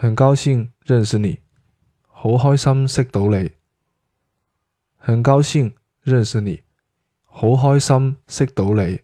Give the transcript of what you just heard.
很高興認識你，好開心識到你。很高興認識你，好開心識到你。